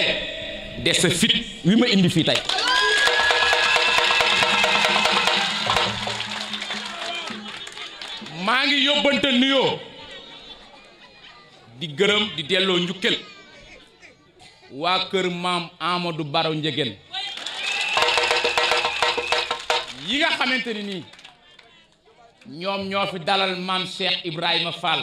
fee de sa fit wi ma indi fii tey maa ngi yóbbante nuyoo di gërëm di delloo njukkel waa kër maam du Baro Ndiéguène yi nga xamante ni nii ñoom ñoo fi dalal maam Cheikh Ibrahima Fall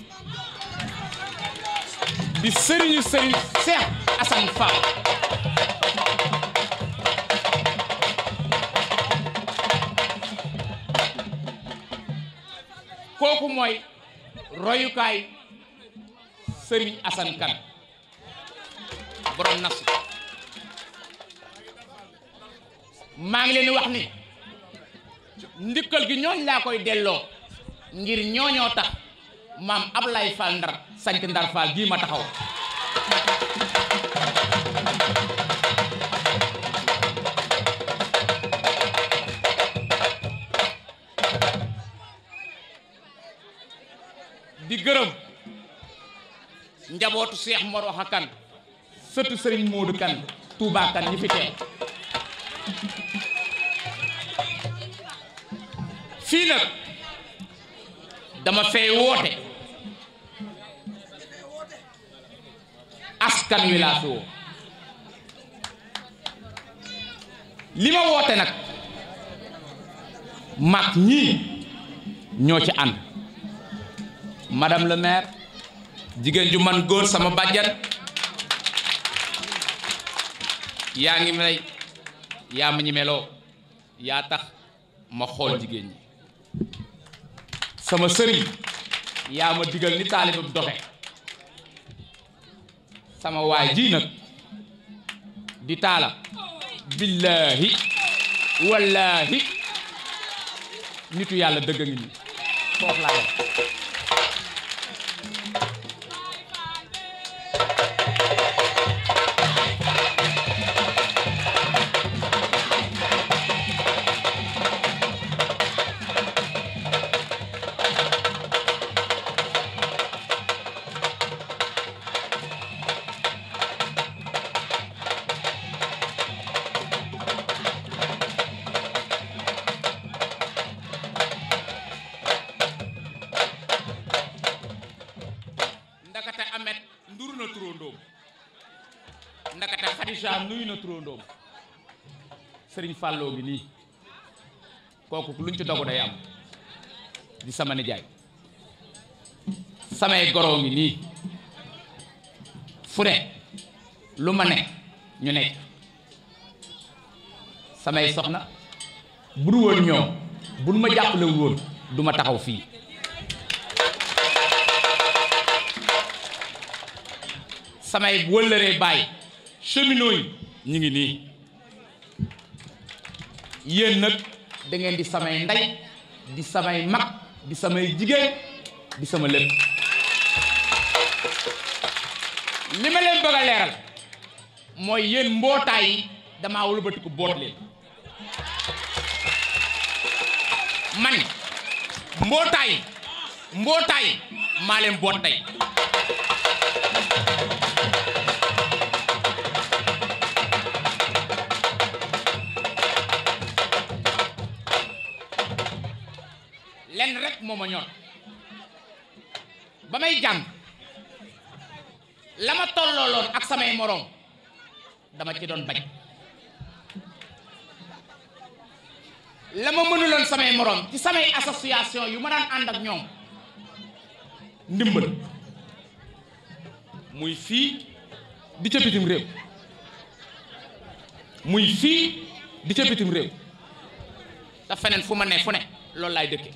di sëriñu sëriñ Cheikh Assane Fall kooku mooy royukaay sëriñ Assane Kane borom nafsu maa ngi leen wax ni ndikkal gi ñooñ laa koy delloo ngir ñooñoo tax maam Ablaye Fall Ndar sanc ndar gii ma taxaw di gërëm njabootu seex Mor Waxa sëtu Serigne Modou Kan ñi fi teew fii nag dama fay woote askan wi laa fi woo li ma woote nag mag ñii ñoo ci ànd madame la maire jigéen ju man góor sama bàjjan yaa ngi may yaa ma ñi meloo yaa tax ma xool jigéen ñi sama sëriñ yaa ma digal ni taalibam doxe sama waa ji nag di taala billahi wallahi nitu yàlla dëgg a sëriñ fàlloo gi nii kooku luñ ci dogu day am di sama nijaay samay goroo ngi nii fure lu ma ne ñu nekk samay soxna bu du woon ñoom bu ma jàppalewul woon du taxaw fii samay wëllëree bàyyi cheminot ñu ngi nii yéen nag dangeen di samay ndey di samay mag di samay jigéen di sama lépp li ma leen bëgg a leeral mooy yéen mbootaay yi damaa wëlbatiku boot leen man mbootaay mbootaay maa leen boot tey moo ma ñor ba may jàng la ma tollooloon ak samay moroom dama ci doon bañ la ma mënuloon samay moroom ci samay association yu ma daan ànd ak ñoom ndimbal muy fii di ca réew muy fii di ca réew te feneen fu ma ne fu ne loolu laay dëkke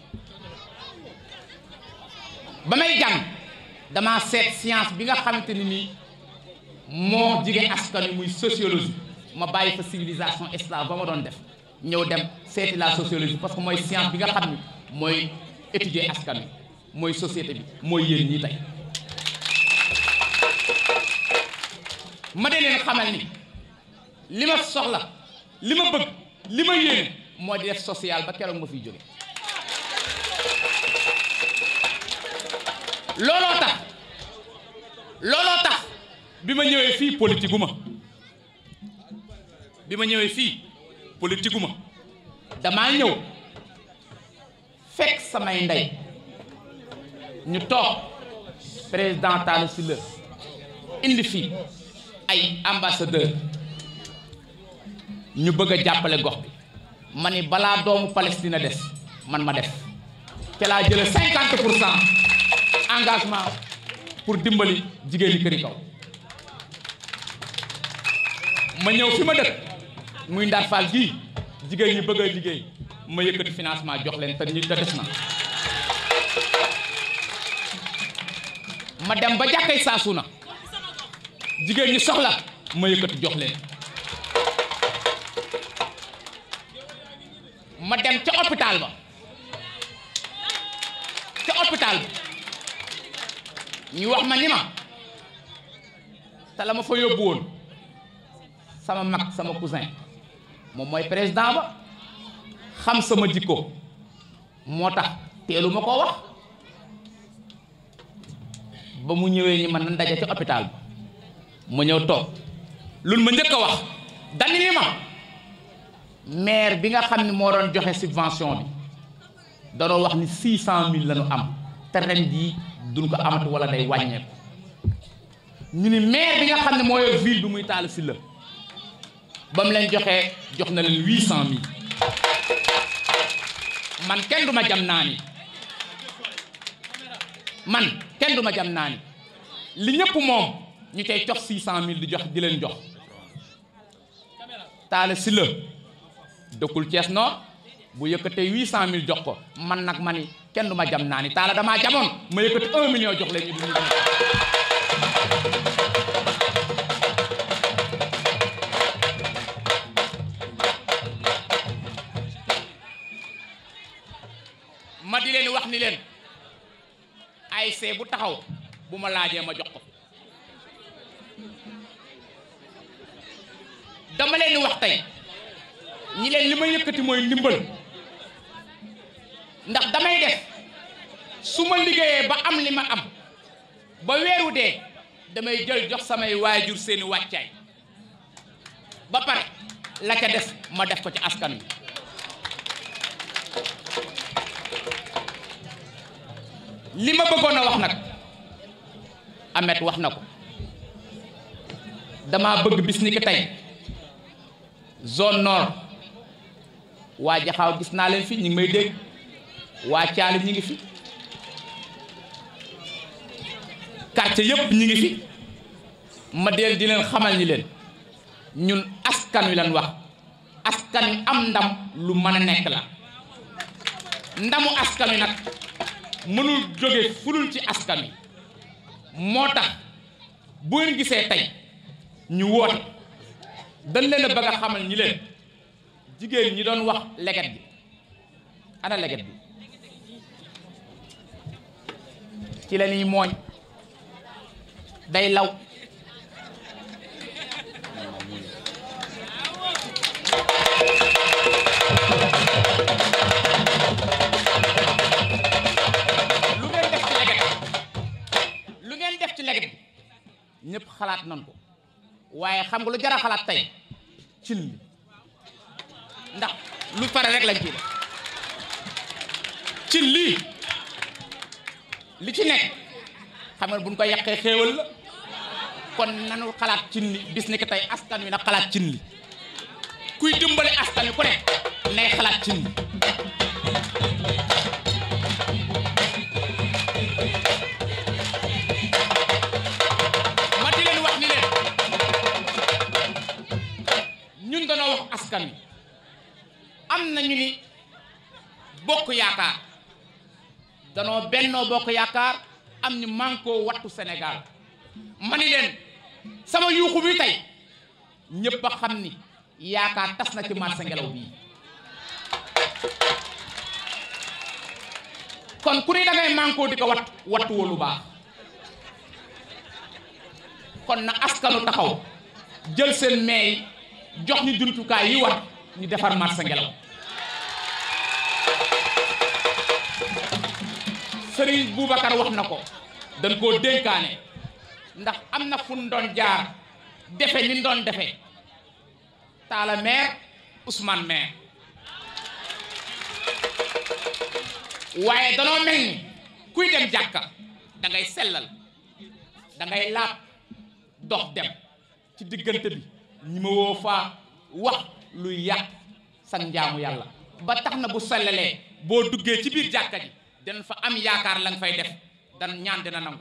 ba may jàng damaa seet science bi nga xamante ni nii moo jigee askan wi muy sociologie ma bàyyi fa civilisation esclave ba ma doon def ñëw dem seeti la sociologie parce que mooy science bi nga xam ni mooy étudier askan wi mooy société bi mooy yéen ñi tey ma dee leen xamal ni li ma soxla li ma bëgg li ma yéene moo di def social ba keroog ma fiy jóge looloo tax tax bi ma ñëwee fii politique gu ma bi ma ñëwee fii politique ma damaa ñëw fekk samay ndey ñu toog président Talla Sylla indi fii ay ambassadeur ñu bëgg a jàppale gox bi ma ni balaa doomu Palestine des man ma def ca laa jële cinquante pour cent engagement pour dimbali jigéen ñi këri kaw ma ñëw fi ma dëkk muy Ndar gii jigéen ñi bëgg a liggéey ma yëkkati financement jox leen te ñu te des na ma dem ba jàkkay saasu na jigéen ñi soxla ma yëkkati jox leen ma dem ca hôpital ba ca hôpital ba ñu wax ma ni ma te la ma fa yóbbu woon sama mag sama cousin moom mooy président ba xam sama jikko moo tax teelu ma koo wax ba mu ñëwee ñi ma nan daje ci hôpital ba mu ñëw toog lu ma njëkk a wax dani ni ma maire bi nga xam ni moo doon joxe subvention bi danoo wax ni six cent mille lanu am te ren jii duñ ko amatu wala day wàññeeku ñu ni maire bi nga xam ne mooy ville bi muy Talla Sylla ba mu leen joxee jox na leen huit cent mille man kenn du ma jam naa ni man kenn du ma jam naa ni li ñëpp moom ñu tey cox six cent mille di jox di leen jox Talla Sylla dëkkul Thiès Nord bu yëkkatee huit cent mille jox ko man nag ma kenn du ma jam naa ni taala damaa jamoon ma yëkkati un million ñu du di leen wax ni leen ay see bu taxaw bu ma laajee ma jox ko dama leen wax tey ñi leen li ma yëkkati mooy ndimbal ndax damay def su ma liggéeyee ba am li ma am ba weeru dee damay jël jox samay waajur seeni wàccaay ba pare la ca def ma def ko ci askan bi li ma bëggoon a wax nag amet wax na ko dama bëgg bis ni ko tey zone nord waa jaxaw gis naa leen fii ñu may dégg waa caalim ñi ngi fi quartier yëpp ñi ngi fi ma deel di leen xamal ñi leen ñun askan wi lan wax askan wi am ndam lu mën a nekk la ndamu askan wi nag mënul jóge fulul ci askan wi moo tax bu ngeen gisee tey ñu woote dañ leen a bëgg a xamal ñi leen jigéen ñi doon wax leget bi ana leget bi ci la ñuy mooñ day law lu ngeen def ci leget lu ngeen def ci leget ñëpp xalaat nan ko waaye xam nga lu jara xalaat tey cin li ndax lu pare rek lañ cin lii li ci nekk xam nga buñ ko yàqee xéewal la kon nanu xalaat cin li bis askan wi na xalaat cin li kuy dimbale askan wi ku nekk nay xalaat cin li ma di leen wax ni leen ñun danoo wax askan wi am na ñu ni bokk yaakaar danoo bennoo bokk yaakaar am ñu mànkoo wattu senegaal ma ni leen sama yuuxu bi tey ñëpp a xam ni yaakaar tas na ci marché ngelaw bii kon ku ni da ngay mànkoo di ko wattu woo lu baax kon na askanu taxaw jël seen meey jox ñu jumtukaay yi war ñu defar marché ngelaw Serigne Boubacar wax na ko dañ koo dénkaane ndax am na fu doon jaar defe ni doon defe Talla maire Ousmane maire waaye danoo mel ni kuy dem jàkka dangay ngay sellal da laab dox dem ci diggante bi ñi ma wax luy yàq sa njaamu yàlla ba tax na bu sellalee boo duggee ci biir jàkka ji dan fa am yaakaar la fay def dan ñaan dina nangu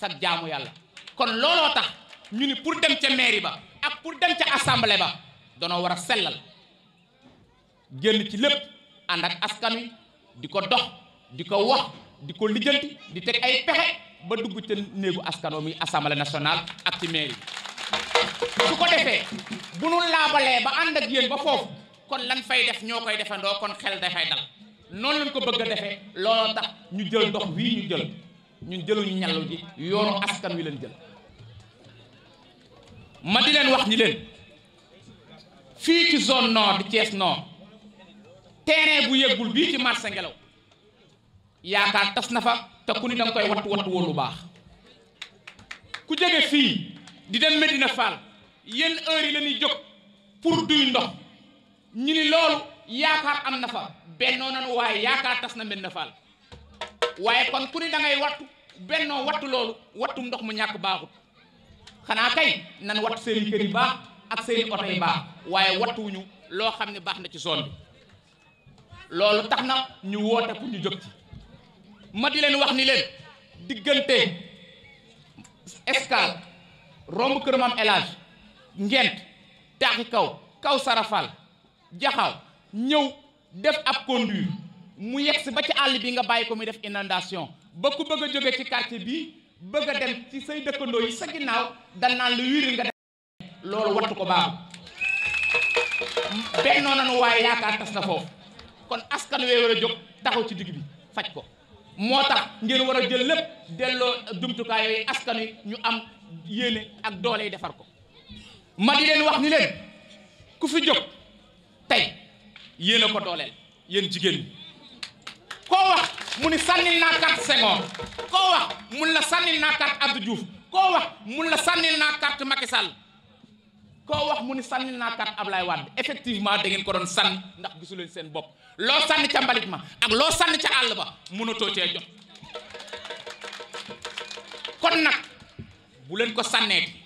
sag jaamu yàlla kon looloo tax ñu ni pour dem ca mairie ba ak pour dem ca assemblée ba danoo war a sellal génn ci lépp ànd ak askan wi di ko dox di ko wax di ko lijjanti di teg ay pexe ba dugg ca néegu askano wa muy assemblée nationale ak ci mairie su ko defee bu nu laabalee ba ànd ak yéen ba foofu kon lan fay def ñoo koy defandoo kon xel dafay dal noonu lañ ko bëgg a defee looloo tax ñu jël ndox wii ñu jël ñun jëluñu ñàllu ji yoonu askan wi leen jël ma di leen wax ni leen fii ci zone nord di cees nord terrain bu yëggul bii ci marché ngelaw yaakaar tas na fa te ku ni danga koy wattu wattu woon lu baax ku jege fii di dem Medina Fall yenn heure yi la ñuy jóg pour duy ndox ñu ni loolu yaakaar am na fa bennoo nanu waaye yaakaar tas na mel na faal waaye kon ku ni da ngay wattu bennoo wattu loolu wattum ndox mu ñàkk baaxut xanaa kay nan wattu seeni kër yi baax ak seeni oto baax waaye wattuwuñu loo xam ne baax na ci zone bi loolu tax na ñu woote pour ñu jóg ci ma di leen wax ni leen diggante Escale romb kër Maam El Hadj ngent taaxi kaw kaw sarafal jaxaw ñëw def ab conduire mu yegsi ba ci àll bi nga bàyyi ko muy def inondation ba ku bëgg a jóge ci quartier bi bëgg a dem ci say dëkkandoo yi sa ginnaaw dan naan lu wiiril nga def loolu wattu ko baaxu bennoo nanu waaye yaakaar tas na foofu kon askan wee war a jóg taxaw ci digg bi faj ko moo tax ngir war a jël lépp delloo jumtukaay yooyu askan wi ñu am yéene ak doole yi defar ko ma di leen wax ni leen ku fi jóg tey yéen a ko dooleel yéen jigéen ñi koo wax mu ni sànnil naa carte Senghor koo wax mun la sànnil naa carte Abdou Diouf koo wax mun la sànnil naa kart Macky Sall koo wax mu ni sànnil naa carte Ablaye Wade effectivement da ngeen ko doon sànni ndax gisuleen seen bopp loo sànni ca mbalit ma ak loo sànni ca àll ba mënatoo cee jox kon nag bu leen ko sànneeti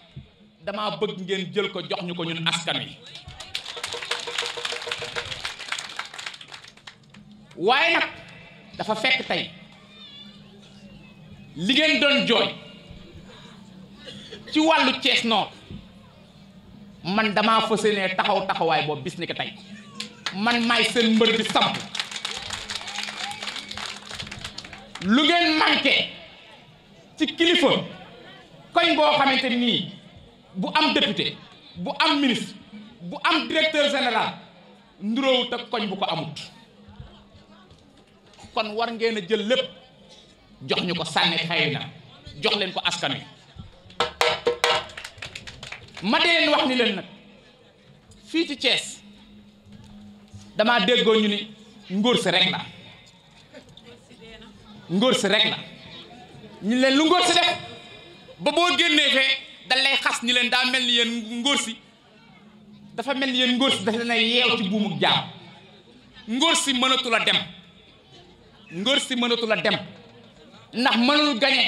damaa bëgg ngeen jël ko jox ñu ko ñun askan wi waaye nag dafa fekk tey li ngeen doon jooy ci wàllu Thiès Nord man damaa fas yéene taxaw taxawaay boo bis ni ko man maay seen mbër bi samp lu ngeen manqué ci kilifa koñ boo xamante nii bu am député bu am ministre bu am directeur général nduróowu te koñ bu ko amut kon war ngeen a jël lépp jox ñu ko sànni xëy na jox leen ko askan wi ma dee leen wax ni leen nag fii ci cees damaa déggoo ñu ni ngóor si rek la ngóor si rek la ñu leen lu ngóor si def ba boo génnee fee dañ lay xas ni leen daa mel ni yéen ngóor si dafa mel ni yéen ngóor si dafa leen yeew ci buumu jaam ngóor si mënatul a dem ngor si mënatu la dem ndax mënul gañe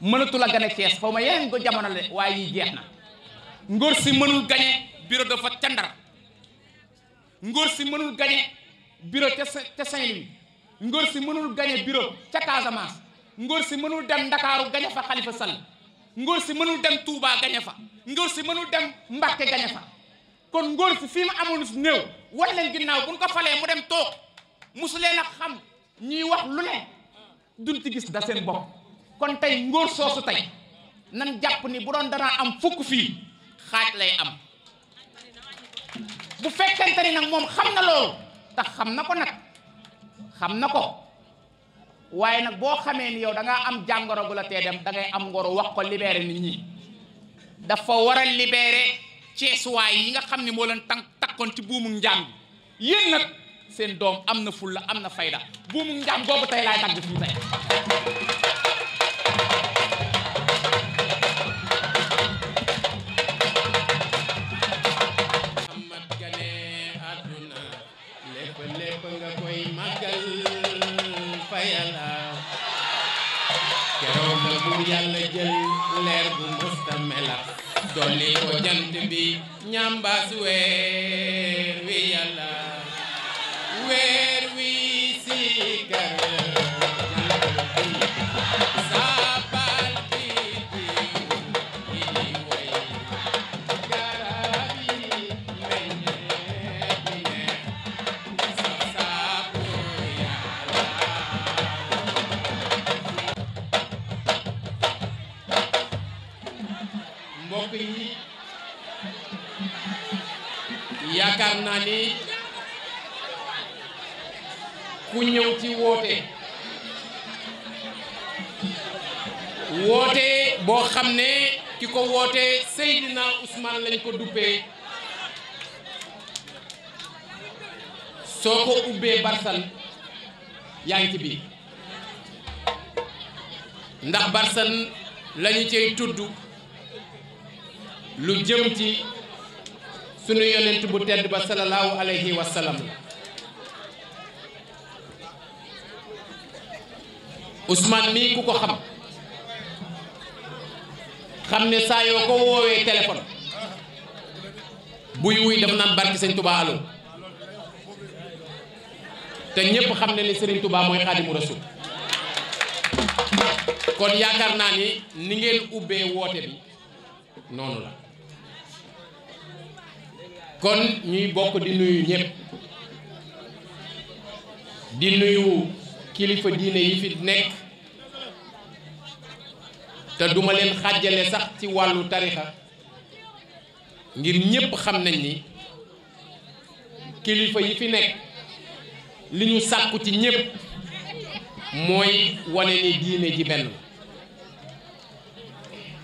mënatu la gane Thiès xaw ma yeneen jamono le waaye yi na ngor si mënul gañe bureau de vote ca Ndar si mënul gañe bureau ca ca saint si mënul gañe bureau ca Casamance si mënul dem Ndakaaru gañe fa Khalifa Sall ngor si mënul dem Touba gañe fa ngor si mënul dem Mbacké gañe fa kon ngóor si fii mu amoon néew wan leen ginnaaw buñ ko falee mu dem toog musu leen a xam ñuy wax lu ne duñ ci gis da seen bopp kon tey ngóor soosu tey nan jàpp ni bu doon danaa am fukk fii xaaj lay am bu fekkente ni nag moom xam na loolu tax xam na ko nag xam na ko waaye nag boo xamee ni yow dangaa am jàngoro gu la tee dem da ngay am ngoro wax ko libéré ni ñi dafa war a libéré ceesuwaay yi nga xam ni moo leen tànk takkoon ci buumu njaam bi nag seen doom am na fulla am na fayda bu njaam googu tey laay dagg fii tey yàlla jël leer bu musta melax dolli ko bi ñambaas lañ ko duppee soo ko ubbee Barsan yaa bi ndax Barsan lañu ñu tudd lu jëm ci sunu yonent bu tedd ba sallallahu alayhi wa usmaan Ousmane ku ko xam xam ne saa yoo ko woowee téléphone buy wuy dafa naan barki sëñ Touba allo te ñépp xam ne ni sëriñ Touba mooy xaadimu rasul kon yaakaar naa ni ni ngeen ubbee woote bi noonu la kon ñuy bokk di nuyu ñépp di nuyu kilifa diine yi fi nekk te duma leen xàjjale sax ci wàllu tarixa ngir ñépp xam nañ ni kilifa yi fi nekk li ñu sàkku ci ñépp mooy wane ni diine ji benn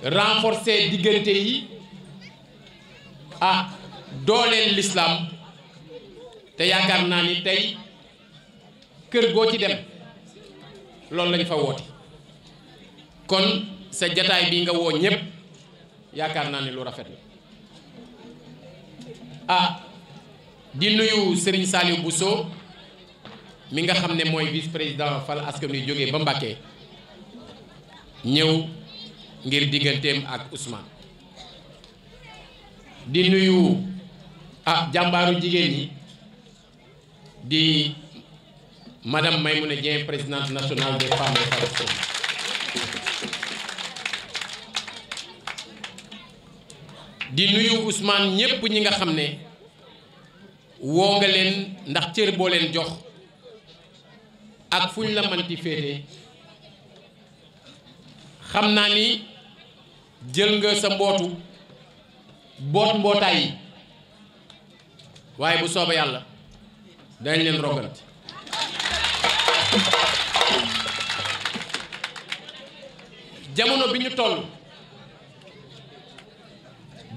renforcer diggante yi ah dooleel lislaam te yaakaar naa ni tey kër goo ci dem loolu lañ fa woote kon sa jataay bi nga woo ñépp yaakaar naa ni lu rafet la ah di nuyu Serigne Saliou Bousso mi nga xam ne mooy vice président fal askan wi jógee ba Mbacké ñëw ngir digganteem ak Ousmane di nuyu ah jàmbaaru jigéen ñi di madame Maymouna Dieng présidente nationale des femmes de Palestine di nuyu usmaan ñépp ñi nga xam ne woo nga leen ndax cër boo leen jox ak fuñ la manti féete xam naa ni jël nga sa mbootu boot mbootaay yi waaye bu soobee yàlla dañ leen rogant jamono bi ñu toll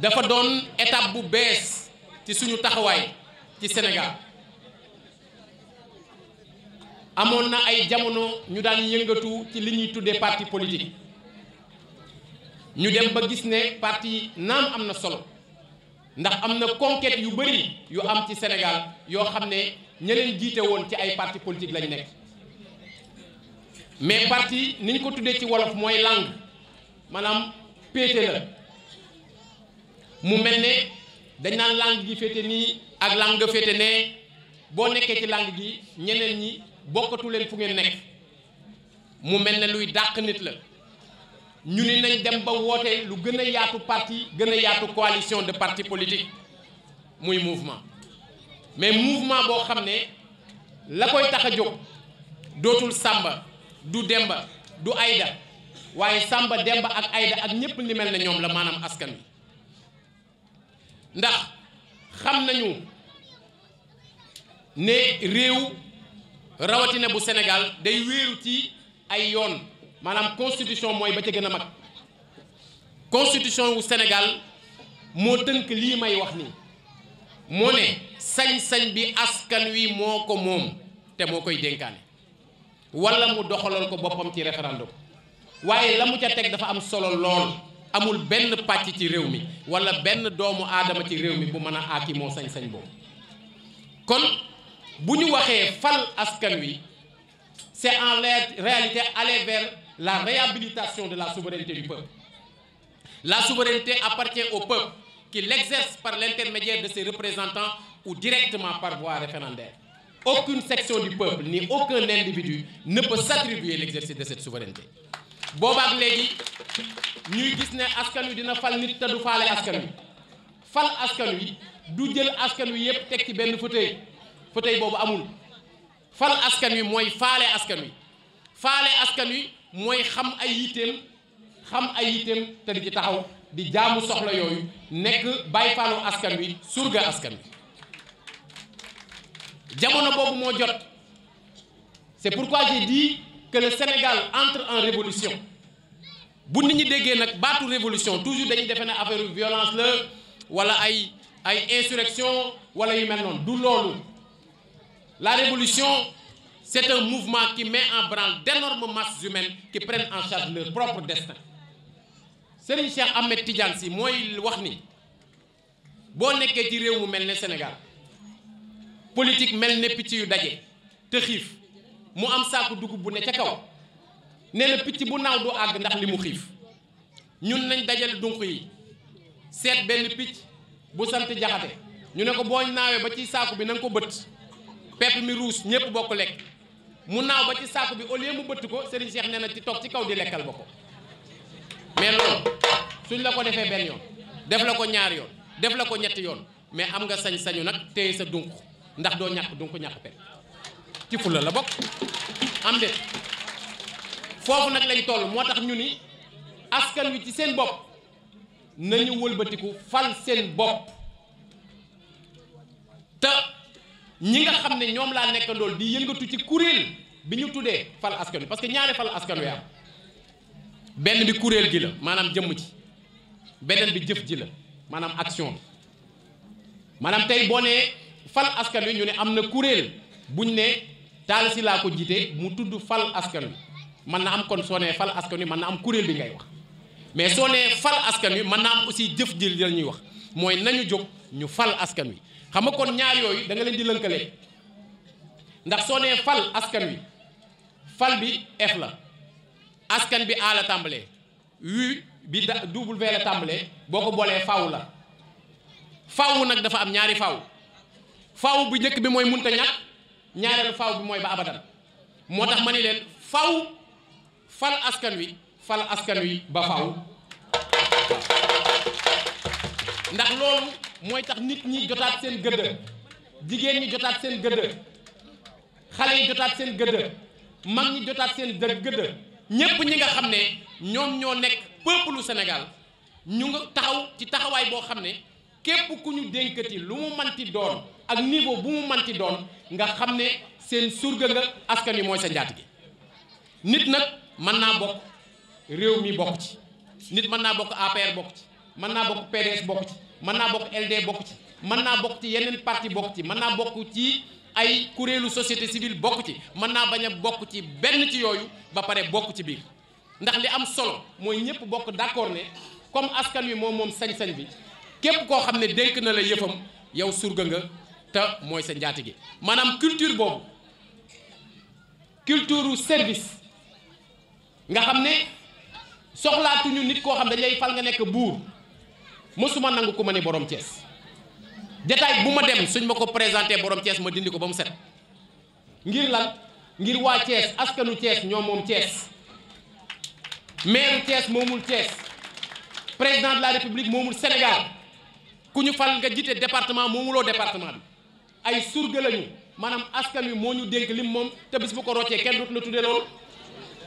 dafa doon étape bu bees ci suñu taxawaay ci Sénégal amoon na ay jamono ñu daan yëngatu ci li ñuy tuddee parti politique ñu dem ba gis ne parti naam am na solo ndax am na conquête yu bëri yu am ci Sénégal yoo xam ne ña jiite woon ci ay parti politique lañ nekk mais parti ni ñu ko tuddee ci wolof mooy langue maanaam péete la mu mel ne dañ naan langue gi féete nii ak langue nga féete ne boo nekkee ci làng gi ñeneen ñi bokkatu leen fu ngeen nekk mu mel ne luy dàq nit la ñu ni nañ dem ba woote lu gën a yaatu parti gën a yaatu coalition de parti politique muy mouvement mais mouvement boo xam ne la koy tax a jóg dootul sàmba du Demba du Ayda waaye Samba Demba ak Ayda ak ñépp li mel na ñoom la maanaam askan wi ndax xam nañu ne réew rawatina bu Sénégal day wéeru ci ay yoon maanaam constitution mooy ba ca gën a mag constitution wu Sénégal moo tënk lii may wax nii moo ne sañ-sañ bi askan wi moo ko moom te moo koy dénkaane wala mu doxalal ko boppam ci référendum waaye la mu ca teg dafa am solo lool amul benn pàcc ci réew mi wala benn doomu aadama ci réew mi bu mën a aaki moo sañ-sañ boobu kon bu ñu waxee fal askan wi c'est en réalité aller vers la réhabilitation de la souveraineté du peuple la souveraineté appartient au peuple qui l'exerce par l'intermédiaire de ses représentants ou directement par voie référendaire aucune section du peuple ni aucun individu ne peut s'attribuer l'exercice de cette souveraineté boobaak léegi ñuy gis ne askan wi dina fal nit te du faale askan wi fal askan wi du jël askan wi yépp teg ci benn fauteuil fauteuil boobu amul fal askan wi mooy faale askan wi faale askan wi mooy xam ay yitteem xam ay yitteem te ci taxaw di jaamu soxla yooyu nekk bàyyi faalu askan wi surga askan wi jamono boobu moo jot c'est pourquoi j'ai dit que le Sénégal entre en révolution bu nit ñi déggee nag baatu révolution toujours dañuy defe ne affaire violence la wala ay ay insurrection wala yu mel noonu du loolu la révolution c'est un mouvement qui met en branle d'énormes masses humaines qui prennent en charge leur propre destin Serigne Cheikh Ahmed Tidiane si mooy wax ni boo nekkee ci réew mu mel ne Sénégal politique mel ne picc yu daje te xiif mu am saaku dugub bu ne ca kaw nee na picc bu naaw du àgg ndax li mu xiif ñun nañ dajale dunq yi seet benn picc bu sant jaxate ñu ne ko boo naawee ba ci saaku bi na ko bëtt pepp mi ruus ñépp bokk lekk mu naaw ba ci saaku bi au lieu mu bëtt ko Serigne seex nee na ci toog ci kaw di lekkal ba ko mais loolu suñ la ko defee benn yoon def la ko ñaar yoon def la ko ñetti yoon mais am nga sañ-sañu nag téye sa dunq ndax doo ñàkk dunq ñàkk pepp ci fulla la bokk am de foofu nag lañ toll moo tax ñu ni askan wi ci seen bopp nañu wëlbatiku fal seen bopp te ñi nga xam ne ñoom laa nekkandool di yëngatu ci kuréel bi ñu tuddee fal askan wi parce que ñaari fal askan wi am benn bi kuréel gi la maanaam jëmm ci beneen bi jëf ji la maanaam action bi maanaam tey boo fal askan wi ñu ne am na kuréel buñ ne taal si laa ko jiite mu tudd fal askan wi mën na am kon soo nee fal askan wi mën na am kuréel bi ngay wax mais soo nee fal askan wi mën na aussi jëf ji la ñuy wax mooy nañu jóg ñu fal askan wi xam nga kon ñaar yooyu danga leen di lënkale ndax soo nee fal askan wi fal bi F la askan bi A la tàmbalee U bi da double V tàmbalee boo ko boolee faw la faw nag dafa am ñaari faw faw bu njëkk bi mooy munta ñàkk ñaareelu faaw bi mooy ba abadan moo tax ma ni leen faw fal askan wi fal askan wi ba faw ndax loolu mooy tax nit ñi jotaat seen gëdd jigéen ñi jotaat seen gëdd xale yi jotaat seen gëddë mag ñi jotaat seen gëdd ñépp ñi nga xam ne ñoom ñoo nekk peuple senegal ñu nga taxaw ci taxawaay boo xam ne képp ku ñu dénkati lu mu manti doon ak niveau bu mu manti doon nga xam ne seen surga nga askan wi mooy sa njaat gi nit nag mën naa bokk réew mi bokk ci nit mën naa bokk APR bokk ci mën naa bokk PDS bokk ci mën naa bokk LD bokk ci mën naa bokk ci yeneen parti bokk ci mën naa bokk ci ay kuréelu société civile bokk ci mën naa bañ a bokk ci benn ci yooyu ba pare bokk ci biir ndax li am solo mooy ñëpp bokk d'accord ne comme askan wi moom moom sañ-sañ bi képp koo xam ne dénk na la yëfam yow surga nga te mooy sa njaati gi maanaam culture boobu culture service nga xam ne soxlaatuñu nit koo xam dañ lay fal nga nekk buur mësuma nangu ko ma ne boroom Thiès jataay bu ma dem suñ ma ko présenté borom Thiès ma dindi ko ba mu set ngir la ngir waa Thiès askanu Thiès ñoom moom Thiès maire Thiès moomul Thiès président la république moomul Sénégal ku ñu fal nga jiite département moomuloo département bi ay surga lañu maanaam askan wi moo ñu dénk lim moom te bis bu ko roccee kenn dootu la tuddee loolu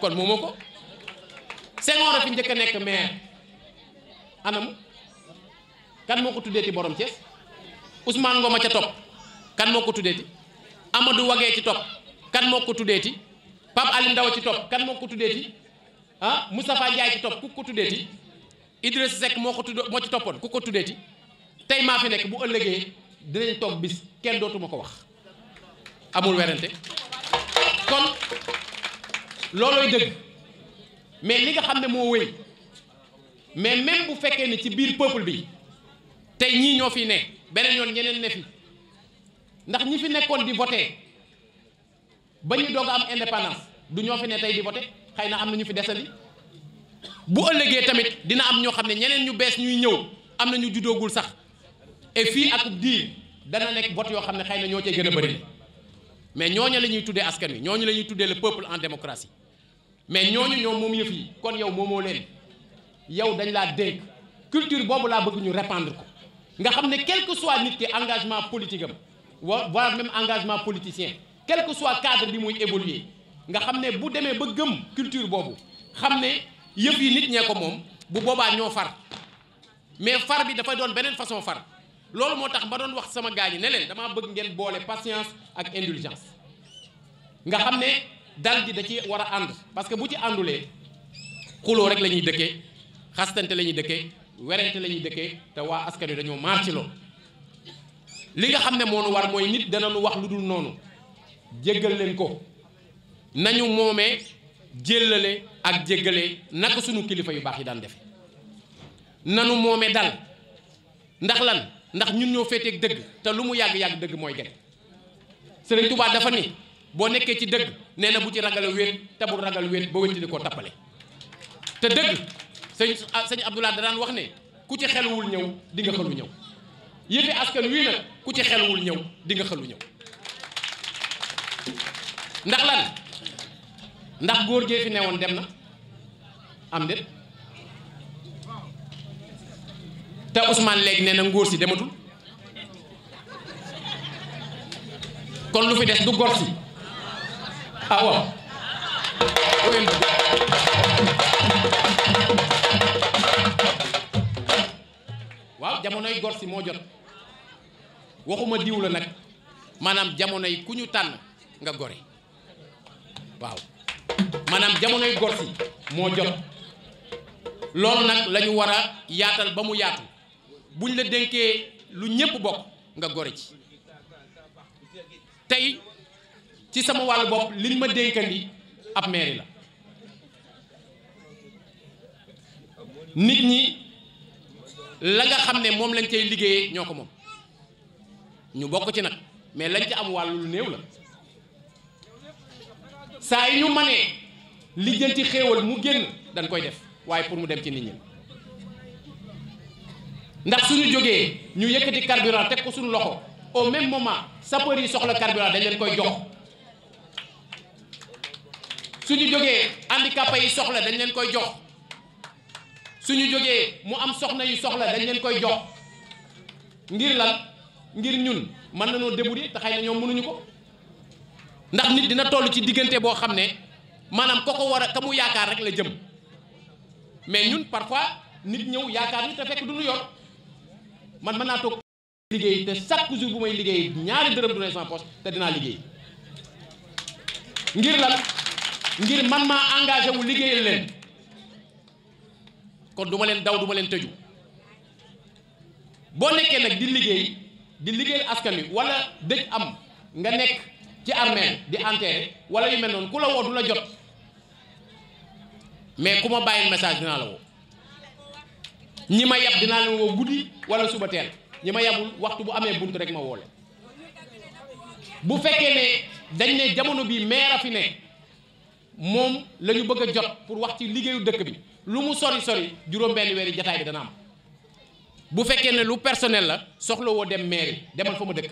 kon moomoo ko Senghor a fi njëkk nekk maire anam kan moo ko tuddeeti borom Thiès Ousmane Ngoma ca topp kan moo ko tuddeeti Amadou Wagee ci topp kan moo ko tuddeeti Pape Ali Ndaw ci topp kan moo ko tuddeeti ah Moustapha Ndiaye ci topp ku ko tuddeeti Idrissa Seck moo ko tudd moo ci toppoon ku ko tuddeeti tey maa fi nekk bu ëllëgee dinañ toog bis kenn dootuma ko wax amul werante kon loolooy dëgg mais li nga xam ne moo wéy mais même bu fekkee ni ci biir peuple bi tey ñii ñoo fi ne beneen yoon ñeneen ne fi ndax ñi fi nekkoon di voté ba ñu doog am indépendance du ñoo fi ne tey di voté xëy na am na ñu fi desandi bu ëllëgee tamit dina am ñoo xam ne ñeneen ñu bees ñuy ñëw am na ñu juddoogul sax et fii ak diir dana nekk vote yoo xam ne xëy na ñoo cee gën a bëri mais ñooñu la ñuy tuddee askan wi ñooñu la ñuy tuddee le peuple en démocratie mais ñooñu ñoom moom yëf yi kon yow moomoo leen yow dañ laa dénk culture boobu laa bëgg ñu répandre ko nga xam ne quelque que soit nit ki engagement politique am voire même engagement politicien quel que soit cadre bi muy évoluer nga xam ne bu demee ba gëm culture boobu xam ne yëf yi nit ñee ko moom bu boobaa ñoo far mais far bi dafay doon beneen façon far loolu moo tax ma doon wax sama gaa yi ne leen damaa bëgg ngeen boole patience ak indulgence nga xam ne dal gi da ci war a ànd parce que bu ci àndulee xuloo rek la ñuy dëkkee xastante lañuy dëkke werante la ñuy dëkkee te waa askan wi dañoo maar ci loolu li nga xam ne moo nu war mooy nit danañu wax lu dul noonu jéggal leen ko nañu moomee jéllale ak jéggale naka suñu kilifa yu baax yi daan defe nanu moomee dal ndax lan ndax ñun ñoo féeteeg dëgg te lu mu yàgg-yàgg dëgg mooy gañ Sëriñ Tuubaa dafa ni boo nekkee ci dëgg nee na bu ci ragal wéet te bu ragal wéet ba wéttini koo tappale te dëgg sëñ ah, sëñ Abdoulaye da daan wax ne ku ci xeluwul ñëw di nga xelu ñëw yëfi askan wii nag ku ci xeluwul ñëw di nga xelu ñëw ndax lan ndax góor gee fi newoon dem na am déet te Ousmane léegi nee na ngóor si dematul kon lu fi des du gor si waaw jamonoy gor si moo jot waxuma diw la nag maanaam jamonoy ku ñu tànn nga gore waaw maanaam jamonoy gor si moo jot loolu nag lañu ñu war a yaatal ba mu yaatu buñ la dénkee lu ñëpp bokk nga gore ci tey ci sama wàllu bopp liñ ma dénkandi ab mairie la nit ñi la nga xam ne moom lañ koy liggéeyee ñoo ko moom ñu bokk ci nag mais lañ ci am wàll lu néew la saa yi ñu manee lijjanti xéewal mu génn dañ koy def waaye pour mu dem ci nit ñi ndax suñu jógee ñu yëkkati carburant teg ko suñu loxo au même moment sapeur yi soxla carburant dañ leen koy jox suñu jógee handicapé yi soxla dañ leen koy jox suñu jógee mu am soxna yi soxla dañ leen koy jox ngir lan ngir ñun mën nañoo débrouiller te xëy na ñoom mënuñu ko ndax nit dina toll ci diggante boo xam ne maanaam ko ko war a ka yaakaar rek la jëm mais ñun parfois nit ñëw yaakaar ni te fekk du ñu yor man mën naa toog liggéey te chaque jour bu may liggéey ñaari dërëm du ne sama te dinaa liggéey ngir lan ngir man maa engagé wu liggéeyal leen kon du ma leen daw duma leen tëju boo nekkee nag di liggéey di liggéeyal askan wi wala dëj am nga nekk ci armée di enterré wala yu mel noonu ku la woo du la jot mais ku ma bàyyi message dinaa la woo ñi ma yab dinaa leen woo guddi wala suba teel ñi ma yabul waxtu bu amee bunt rek ma woole bu fekkee ne dañ ne jamono bi maire a fi ne moom lañu bëgg a jot pour wax ci liggéeyu dëkk bi lu mu sori sori juróom-benn weeri jataay bi dana am bu fekkee ne lu personnel la soxla woo dem maire demal fa ma dëkk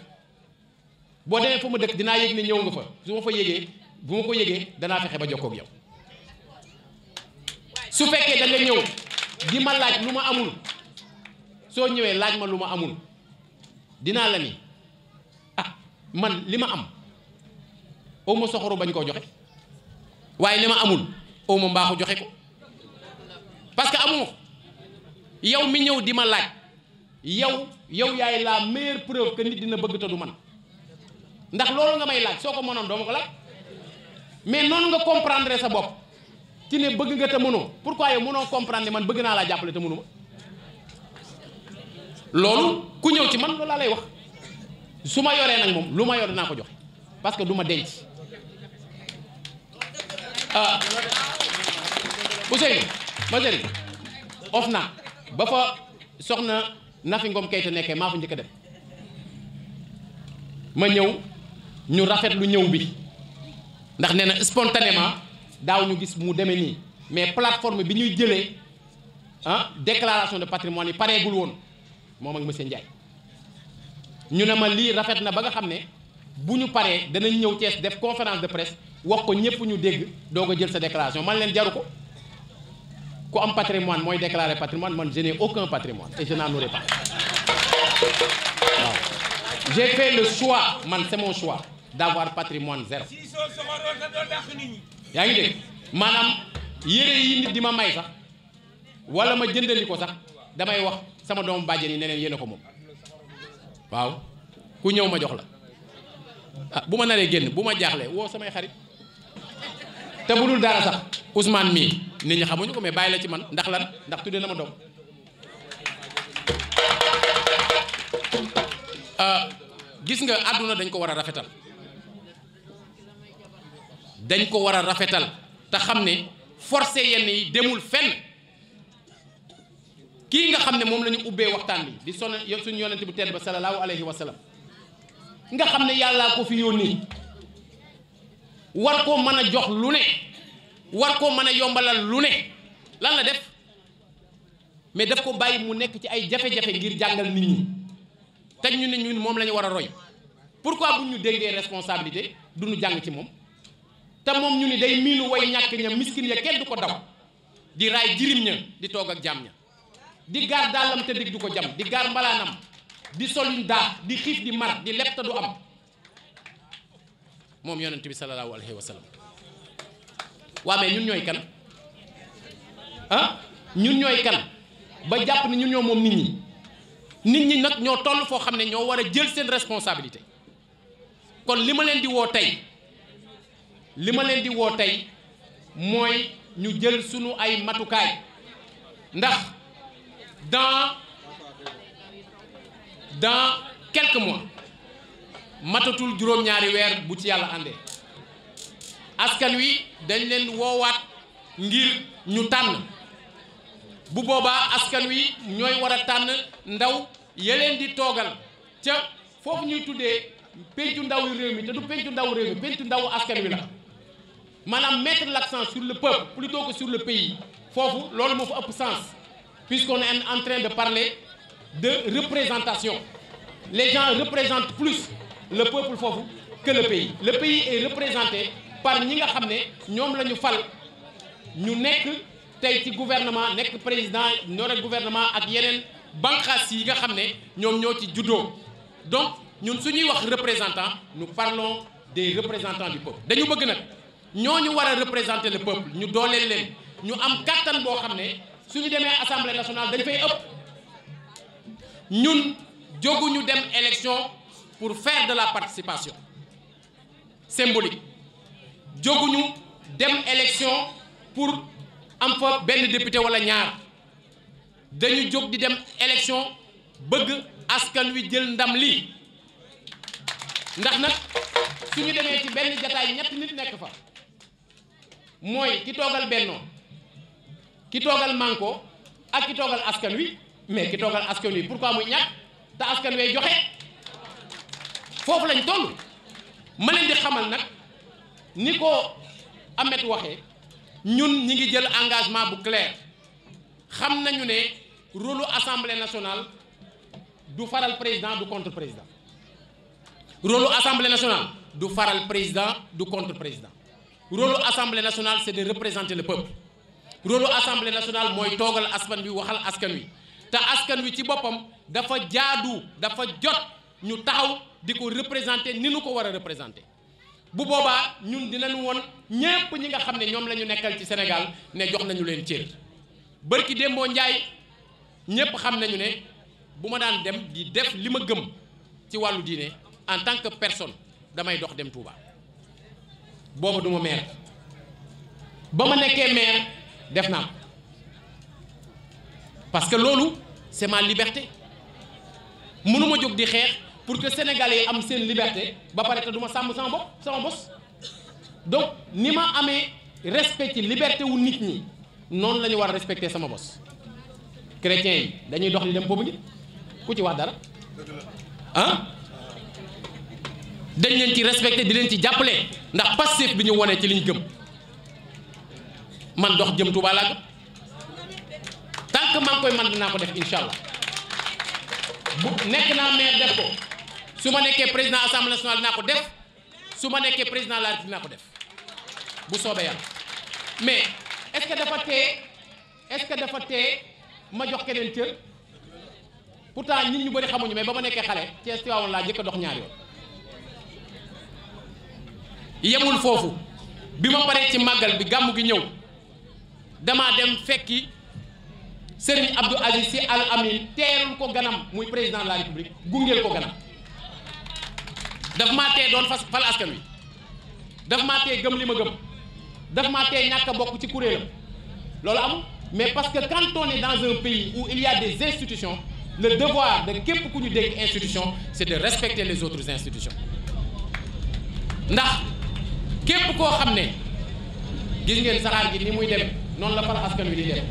boo demee fa ma dëkk dinaa yëg ne ñëw nga fa su ma fa yëgee bu ma ko yëgee danaa fexe ba jokkoo ak su fekkee da nga ñëw di ma laaj lu ma amul soo ñëwee laaj ma lu ma amul dinaa la ni ah man li ma am aw ma soxoru bañ koo joxe waaye li ma amul aw ma mbaaxu joxe ko parce que amuma ko yow mi ñëw di ma laaj yow yow yaay la meilleure preuve que nit dina bëgg te du man ndax loolu nga may laaj soo ko mënoon doo ma ko laaj mais noonu nga comprendre sa bopp ci ne bëgg nga te mënoo pourquoi yow mënoo comprendre ne man bëgg naa laa jàppale te mënuma loolu ku ñëw ci man laa lay wax su ma yoree nag moom lu ma yor dinaa ko joxe parce que du ma denc ah Ousseynou ma sëriñ ba fa soxna Nafi Ngom Keïta nekkee maa fa njëkk a dem ma ñëw ñu rafet lu ñëw bi ndax nee na spontanément daaw ñu gis mu demee nii mais plateforme bi ñuy jëlee ah déclaration de patrimoine yi pareegul woon moom ak monsieur Ndiaye ñu ne man lii rafet na ba nga xam ne bu ñu paree danañ ñëw Thiès def conférence de presse wax ko ñëpp ñu dégg doog a jël sa déclaration man leen jaru ko ku am patrimoine mooy déclarer patrimoine man je n'ai aucun patrimoine et je n'en aurai pas waaw j'ai fait le choix man c'est mon choix d'avoir patrimoine zéro. yaa ngi dégg maanaam yére yi nit di ma may sax wala ma jëndali ko sax damay wax sama doomu bàjjen yi ne leen yéen ko moom waaw ku ñëw ma jox la ah bu ma naree génn bu ma jaaxle woo samay xarit te bu dul dara sax Ousmane mii nit ñi xamuñu ko mais bàyyi la ci man ndax lan ndax tuddee na ma doom ah, gis nga àdduna dañ ko war a rafetal dañ ko war a rafetal te xam ne forcé yenn yi demul fenn kii nga xam ne moom la ñu ubbee waxtaan bi di son suñu yonent bu tedd ba salallaahu alayhi wa sallam nga xam ne yàllaa ko fi yónni war koo mën a jox lu ne war koo mën a yombalal lu ne lan la def mais daf ko bàyyi mu nekk ci ay jafe-jafe ngir jàngal nit ñi te ñu ne ñun moom lañu war a roy pourquoi bu ñu déggee responsabilité du ñu jàng ci moom te moom ñu ni day miinu way ñàkk ña miskin ya kenn du ko daw di raay jirim ña di toog ak jaam ña di gaar dàllam te dig du ko jam di gaar mbalaanam di solin daax di xiif di mar di leb te du am moom yonent bi salallaahu alayhi wa sallam waa mais ñun ñooy kan ah ñun ñooy kan ba jàpp ne ñun ñoo moom nit ñi nit ñi nag ñoo toll foo xam ne ñoo war a jël seen responsabilité kon li ma leen di woo tey li ma leen di woo tey mooy ñu jël sunu ay matukaay ndax dans dans quelques mois matatul juróom-ñaari weer bu ci yàlla àndee askan wi dañ leen woowaat ngir ñu tànn bu boobaa askan wi ñooy war a tànn ndaw yeleen di toogal ca foofu ñuy tuddee pencu ndaw réew mi te du pencu ndaw réew mi pencu ndawu askan wi la maanaam mettre l'accent sur le peuple plutôt que sur le pays foofu loolu moo fa ëpp sens puisqu'on est en train de parler de représentation les gens représentent plus le peuple foofu que le pays le pays est représenté par ñi nga xam ne ñoom la ñu fal ñu nekk tey ci gouvernement nekk président ñore gouvernement ak yeneen banqaas yi nga xam ne ñoom ñoo ci juddoo donc ñun su ñuy wax représentant nous parlons des représentants du peuple dañu bëgg nag ñoo ñu war a représenter le peuple ñu dooleel leen ñu am kàttan boo xam ne suñu demee assemblée nationale dañ fay ëpp ñun jóguñu dem élection pour faire de la participation symbolique jóguñu dem élection pour am fa benn député wala ñaar dañu jóg di dem élection bëgg askan wi jël ndam lii ndax nag ñu demee ci benn jataay ñetti nit nekk fa mooy ki toogal bennoo ki toogal manko ak ki toogal askan wi mais ki toogal askan wi pourquoi muy ñax te askan wee joxe foofu lañ toll ma leen di xamal nag ni ko Amet waxee ñun ñi ngi jël engagement bu clair xam nañu ne rôle assemblée nationale du faral président du contre président rôle assemblée nationale du faral président du contre président rôle assemblée nationale c'est de représenter le peuple rôle assemblée nationale mooy toogal askan wi waxal askan wi te askan wi ci boppam dafa jaadu dafa jot ñu taxaw di ko représenter ni nu ko war a représenter bu boobaa ñun dinañ woon ñépp ñi nga xam ne ñoom la ñu nekkal ci Sénégal ne jox nañu leen cër bërki démboo njaay ñépp xam nañu ne bu ma daan dem di def li ma gëm ci wàllu diine en tant que personne damay dox dem Touba. booba du ma maire ba ma nekkee maire def naa ko parce que loolu c'est ma liberté mënuma jóg di xeex pour que sénégalais am seen liberté ba pare te du ma sàmm sama bopp sama bos donc ni ma amee respect ci liberté wu nit ñi noonu la ñu war a respecter sama bos chrétiens yi dañuy dox di dem boobu nit ku ci wax dara dañ leen ci respecté di leen ci jàppale ndax passif bi ñu wone ci liñ gëm man dox jëm Touba laa gëm tant que maa koy man dinaa ko def incha allah bu nekk naa maire def ko su ma nekkee président assemblée nationale dinaa ko def su ma nekkee président la dinaa ko def bu soobee yàlla mais est-ce que dafa tee est-ce que dafa tee ma jox keneen cër pourtant nit ñu bëri xamuñu mais ba ma nekkee xale te Tivaouane laa jëkk a dox ñaari yoon. yemul foofu bi ma paree ci màggal bi gàmm gi ñëw damaa dem fekki Serigne Abdou Aziz Sy Al Amin teerul ko ganam muy président de la république gungeel ko ganam daf maa tee doon fas fal askan wi daf maa tee gëm li ma gëm daf maa tee ñàkk bokk ci kuréelam loolu amul mais parce que quand on est dans un pays où il y a des institutions le devoir de képp ku ñu dégg institution c'est de respecter les autres institutions ndax képp koo xam ne gis ngeen saxaar gi ni muy dem noonu la fal askan wi di dem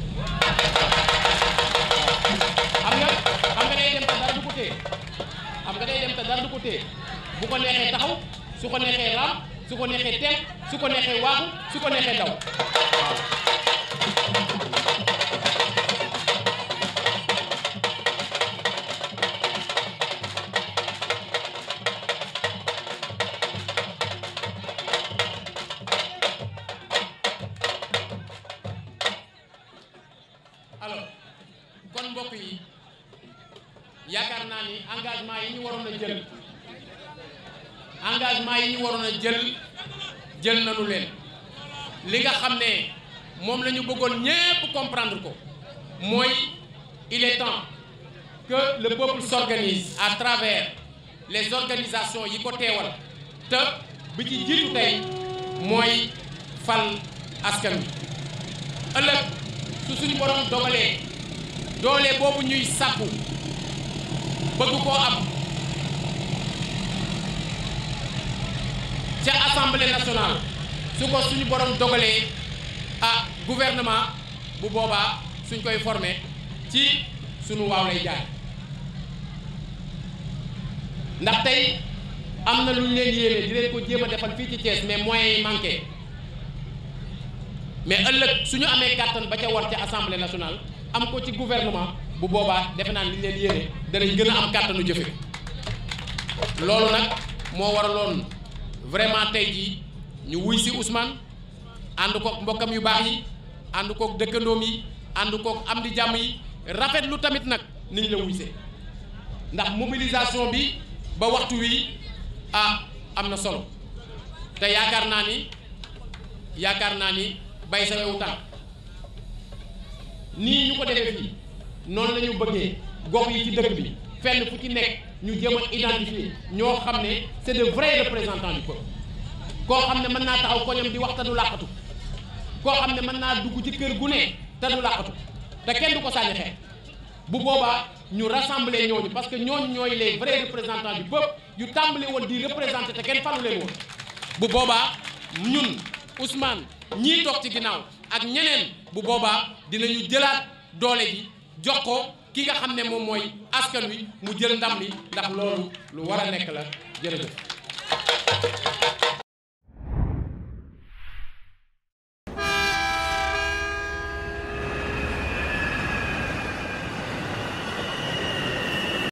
xam nga xam nga day dem te dara du ko téye bu ko neexee taxaw su ko neexee raam su ko neexee teel su ko neexee waaxu su ko neexee daw engagement yi ñu waroon a jël yi ñu waroon a jël nañu leen li nga xam ne moom lañu bëggoon ñépp comprendre ko mooy il est temps que le peuple s'organise à travers les organisations yi ko teewal te bi ci jiitu tey mooy fal askan bi ëllëg su suñu borom dogalee doole boobu ñuy sàkku bëgg koo am ca assemblée nationale su ko suñu borom dogalee ah gouvernement bu boobaa suñ koy forme ci suñu waaw lay jaar ndax tey am na lu ñu leen yéene di ko jéem a defal fii ci Thiès mais mooy yi manqué mais ëllëg suñu amee kàttan ba ca war ca assemblée nationale am ko ci guvernement bu boobaa defe naa li ñu leen yére danañ gën a am kàttanu jëfe loolu nag moo waraloon vraiment tey jii ñu wuy si Ousmane ànd koog mbokkam yu baax yi ànd kook dëkkandoom yi ànd kook am di jàmm yi rafetlu tamit nag niñ la wuysee ndax mobilisation bi ba waxtu wi ah am na solo te yaakaar naa ni yaakaar naa ni bay sa wewu tànk nii ñu ko defee fii noonu la ñu bëggee gox yi ci dëkk bi fenn fu ci nekk ñu jéem a identifier ñoo xam ne c'est de vrais représentants du peuple koo xam ne mën naa taxaw koñam di wax te du làqatu koo xam ne mën naa dugg ci kër gu ne te du làqatu te kenn du ko sànni xeex bu boobaa ñu rassembler ñooñu parce que ñooñu ñooy les vrais représentants du peuple yu tàmbali woon di représenter te kenn falu leen woon bu boobaa ñun Ousmane ñii toog ci ginnaaw ak ñeneen bu boobaa dinañu jëlaat doole ji jox ko ki nga xam ne moom mooy askan wi mu jël ndam bi ndax loolu lu war a nekk la jërëjëf